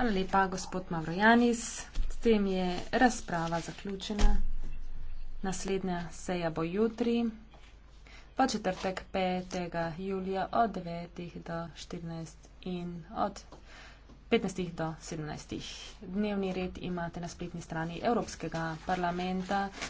Hvala lepa, gospod Mavrojanis. S tem je razprava zaključena. Naslednja seja bo jutri, pa četrtek 5. julija od 9. do 14. in od 15. do 17. Dnevni red imate na spletni strani Evropskega parlamenta.